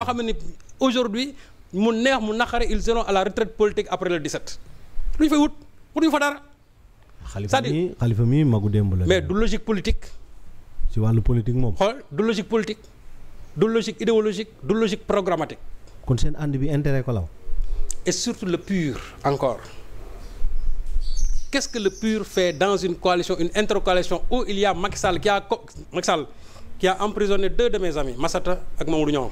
yoo xam ne aujourd'hui mu neex mu naqare ils seront à la retraite politique après le 17 lu ñu fay wut wutuñu fa dara. c'est-à-dire xalifa mais du logique politique. ci wàllu politique moom. xool du logique politique du logique idéologique du logique programmatique. kon seen ànd bi intérêt ko law. et surtout le pur encore qu'est-ce que le pur fait dans une coalition une intercoalition où il y a Macky a co Macky Sall a emprisonné deux de mes amis Massata ak Mamadou Niang.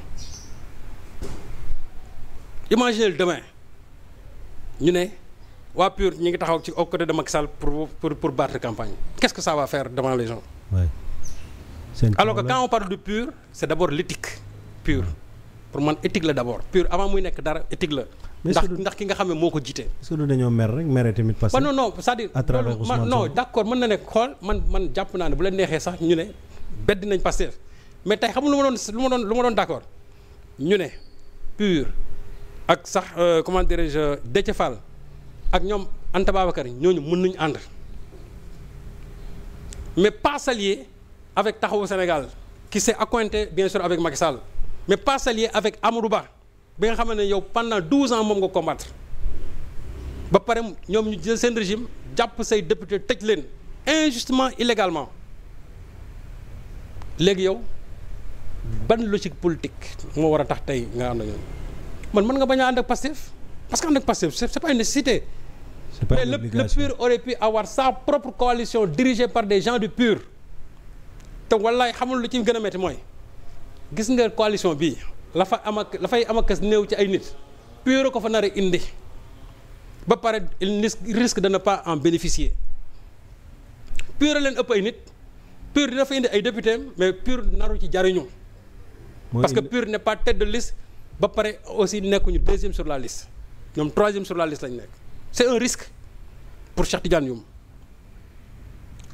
imaginez demain ñu ne waa PUR ñu ngi taxaw ci au côté de Macky pour pour pour battre campagne quest que ça va faire devant les gens. Ouais. alors que quand on parle du PUR c'est d'abord l'éthique PUR pour man éthique la d'abord PUR avant muy nekk dara éthique la. ndax ndax ki nga xam ne moo ko jiite. est-ce que du dañoo mer rek mere tamit. parce que non non c'est-à-dire. mën na ne xool man man jàpp naa ne bu la neexee sax ñu ne bedd nañ Pastef mais tey xam lu ma doon lu ma doon lu ma doon d'accord ñu ne PUR. ak sax euh, comment dirais-je Déthié ak ñoom Anta Babacar ñooñu mën nañu ànd mais pas avec Taxawu Sénégal qui s'est accointé bien sûr avec Macky Sall mais pas s'allier avec Amadou Ba bi nga xam ne yow pendant douze ans moom nga combattre ba pare ñoom ñu jël seen régime jàpp say député tëj leen injustement illégalement léegi yow ban logique politique moo war a tax tey nga ànd ak ñoom man mën nga bañ ànd ak Pastef parce que ànd ak Pastef c'est pas une nécessité mais le, le PUR aurait pu avoir sa propre coalition dirigée par des gens du PUR te wallaay xamul lu ci gën a métti mooy gis nga coalition bi la fa am ak la fay am ak néew ci ay nit PUR ko fa nar indi ba pare il risque de ne pas en bénéficier PUR leen ëpp ay nit PUR dina fa indi ay député mais PUR naru ci jariñu parce que PUR n'est pas tête de ba pare aussi nekkuñu deuxième sur la liste ñoom troisième sur la liste lañ nekk c'est un risque pour Cheikh Tidiane Youm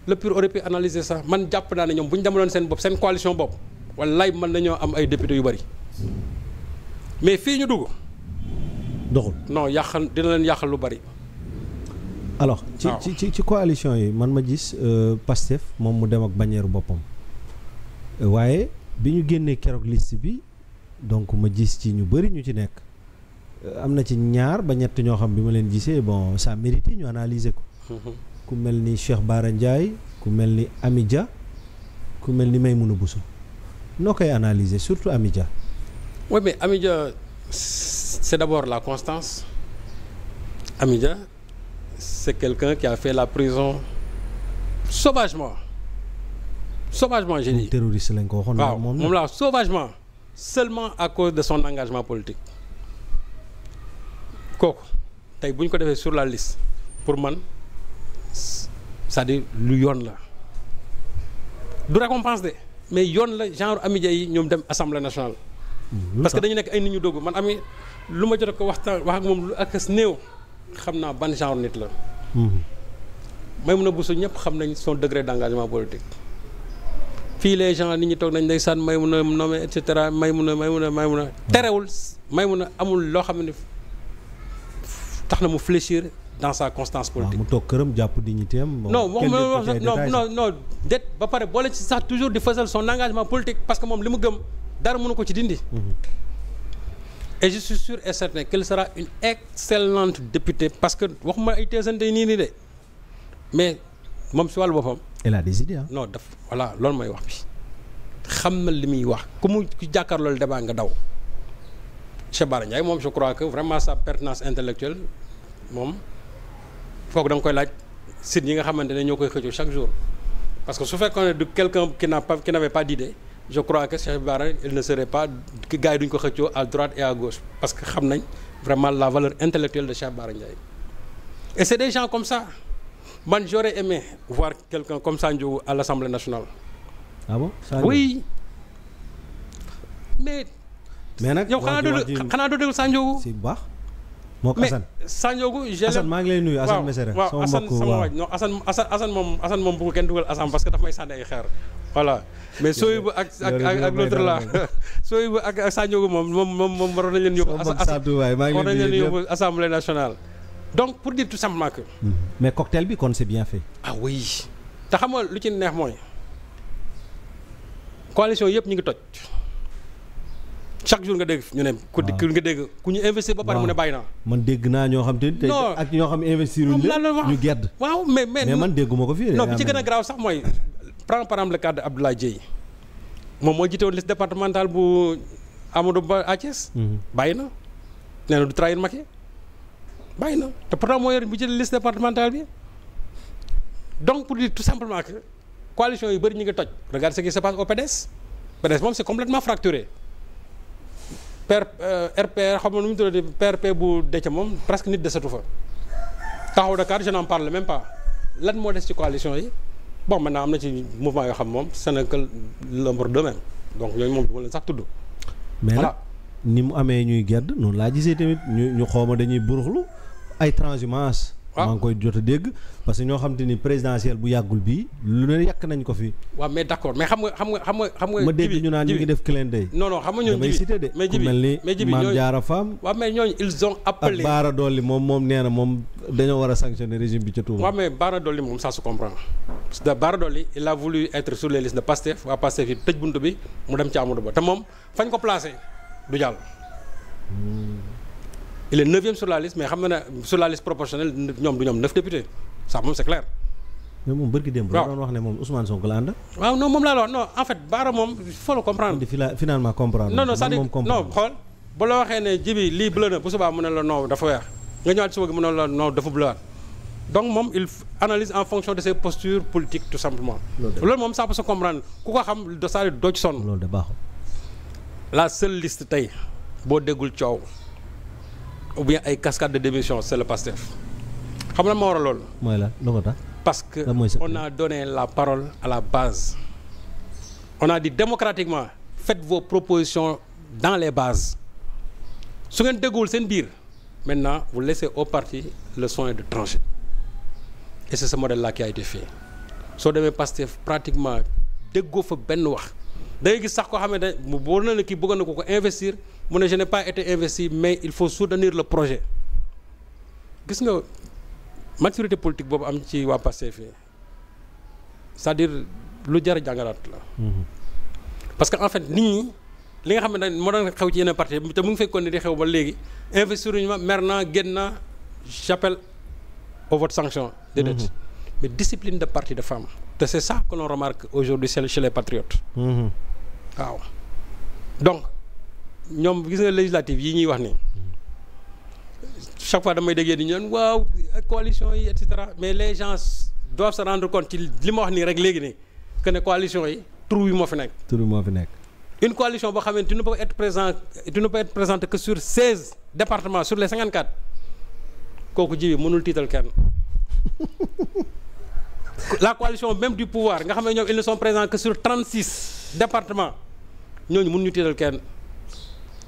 le PUR aurait pu analyser ça man jàpp naa ne ñoom bu ñu demaloon seen bopp seen coalition bopp man na ñoo am ay députés yu bari mais fii ñu dugg. doxul non yàqal dina leen yàqal lu bari. alors ci ci ci coalition yi man ma gis euh, Pastef moom mu dem ak bannière boppam waaye bi ñu génnee keroog list bi. donc ma gis ci ñu bëri ñu ci nekk euh, am na ci ñaar ba ñett ñoo xam bi ma leen gisee bon ça mérite ñu analyser ko ku mel ni Cheikh Bara Ndiaye ku mel ni Amy Dia ku mel ni Maymouna Bousso noo koy analyser surtout Amy Dia oui mais Amy Dia c'est d'abord la constance Amy Dia c'est quelqu'un qui a fait la prison sauvagement sauvagement j'ai dit terroriste lañ ko waxoon waaw moom la sauvagement seulement à cause de son engagement politique kooku tey bu ñu ko defee sur la liste pour man cest à lu yoon la du récompense de mais yoon la genre amidia yi ñoom dem assemblée nationale. parce que dañu nekk ay nit ñu dogg man ami lu ma jot ko waxtaan wax ak moom lu ak néew xam naa ban genre nit la. Mhm. may mun a busu ñëpp xam nañ son degré d' engagement politique. fii les gens nit ñi toog nañ ndeysaan may mun a nommé et cetera may mun a may mun a may mun terewul may mun a amul loo xam ne tax na mu fléchir dans sa constance politique. mu toog këram jàpp dignité am. non wax wax non non de ba pare boole ci sax toujours di fësal son engagement politique parce que moom li mu gëm dara mënu ko ci dindi. Mhm. et je suis sûr et certain qu'elle sera une excellente députée parce que waxuma ay teesante nii nii de mais moom si wàllu boppam. elle a des idées daf voilà loolu mooy wax bi xam na li muy wax ku mu jàkkaar loolu débat nga daw Cheikh Bara Ndiaye moom je crois que vraiment sa pertinence intellectuelle moom foog da nga koy laaj site yi nga xamante ne ñoo koy xëccoo chaque jour parce que su fekkoon ne du quelqu'un qui n'a pas qui n'avait pas d'idée je crois que Cheikh Bara il ne serait pas gars duñ ko xëccoo à droite et à gauche parce que xam nañ vraiment la valeur intellectuelle de Cheikh Bara Ndiaye et c'est man j'aurais aimé voir quelqu'un comme Sandiou à l'Assemblée nationale. ah bon Sandiou oui mais. mais nag yow xanaa doo xanaa doo baax moo ko mais Sandiou je maa ngi lay nuyu Assane Mesere. waaw Assane sama waaj non moom moom parce que daf may sànni ay xeer. voilà mais Soyibu ak ak ak moom moom moom waroon leen yóbbu. Assane nationale. donc pour dire tout simplement que. Hmm. mais cocktail bi kon se bien fait. ah oui te xam nga lu ci neex mooy coalition yëpp ñu ngi toj chaque jour nga dégg ñu ne. ku ah. nga dégg ku ñu investir ba pare mu ne ah. bàyyi na man dégg naa ñoo xam te tey ak ñoo xam investir ñu ñu gedd waaw mais mais mais man dégguma ko fii no bi ci gën a graaw sax mooy prends par kàdd le cas de moom moo jiite woon liste départementale bu Amadou Ba à Thiès. Hmm. bàyyi na nee na du trahir Macky. bàyyi na te pourtant moo yor budget liste départementale bi donc pour dire tout simplement que coalition yu bëri ñu ngi toj regarde ce qui se passe au PDS PDS moom c'est complètement fracturé PR euh, rp xam nga nu mu tuddati PRP bu Déthié moom presque nit desatu fa taxaw Dakar je n'en parle même pas lan moo des ci coalition yi boo bon maintenant am na ci mouvement yoo xam moom Sénégal l'ombre d'eux-mêmes donc ñooñu moom du leen sax tudd. mais nag ni mu amee ñuy gedd noonu laa gisee tamit ñu ñu xooma dañuy buruxlu. ay transhumance maa ngi koy jot a dégg parce que ñoo xam te ni présidentielle bu yàggul bii lu ne yàq nañ ko fi waaw mais d'accord mais xam nga xam nga xam nga xam nga ma dégg ñu naan ñu ngi def clin d'œil non non xam nga ñooñu damay cité de mais jibi mel ni Mame Diarra Fam waaw mais ñooñu ils ont appelé moom moom nee moom dañoo war a sanctionner régime bi ca Touba waaw mais Bara Dolly moom ça se comprend parce que Bara il a voulu être sur les listes de Pastef waa Pastef yi il est neuvième sur la liste mais xam na ne sur la liste proportionnelle ñoom du ñoom neuf députés ça moom c'est clair. mais moom bërki démb. waaw doon wax ne moom Ousmane Sonko la ànd. waaw non moom laa la wax non en fait Baara moom il faut le comprendre. finalement comprendre. non non c'est-à-dire xool bu la waxee ne jibi lii bleu na bu subaa mu ne la non dafa weex nga ñëwaat suba gi mu ne la non dafa bleuwaat donc moom il analyse en fonction de ses postures politiques la seule liste tey boo déggul coow. ou bien ay cascade de démission c'est le Pastef xam na ma war a loolu. mooy la lu ko tax. parce que on a donné la parole à la base on a dit démocratiquement faites vos propositions dans les bases su ngeen dégguwul seen biir maintenant vous laissez au parti le soin de trancher et c'est ce modèle là qui a été fait soo demee Pastef pratiquement déggoo fa benn wax. da gis sax koo xam ne da mu wóor na ne kii bëggoon na ko ko investir mu ne je n'ai pas été investi mais il faut soutenir le projet gis nga maturité politique boobu am ci waa Pastef fii c'est-à-dire lu jar jàngalaat la. Mhm. parce que en fait nit ñi li nga xam ne moo doon xew ci yeneen parti te mu ngi fekkoon ni di xew ba léegi investir ñu ma mer naa génn naa j'appelle au vote sanction. déedéet mhm. mais discipline de parti de femme. te c'est ça que l'on remarque aujourd'hui chez les patriotes. Mmh. waaw donc ñoom gis nga législative yi ñuy wax ni chaque fois damay dégg di ñoon waaw coalition yi et mais les gens doivent se rendre compte ci li ma wax nii rek léegi nii que ne coalition yi trou yi moo fi nekk. trou moo fi nekk. une coalition boo xam ne tu ne peux être présent tu ne peux être présente que sur seize départements sur les cinquante quatre kooku ji mënul tiital kenn. la coalition même du pouvoir nga xam ne ñoom ils ne sont que sur trente six. département ñooñu mun ñu tiital kenn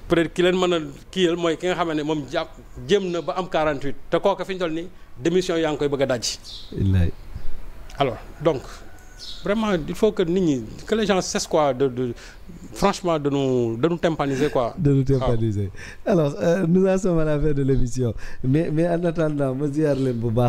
peut-être ki leen mën a kii kiiyal mooy ki nga xam ne moom jàpp jéem na ba am 48 te kooka fi ñu toll nii démission yaa ngi koy bëgg a daj. alors donc vraiment il faut que nit ñi que les gens cessent quoi de de franchement de nous de nous tympaniser quoi. de nous tympaniser alors euh, la fin de l'émission mais mais en attendant ma ziar leen bu baax.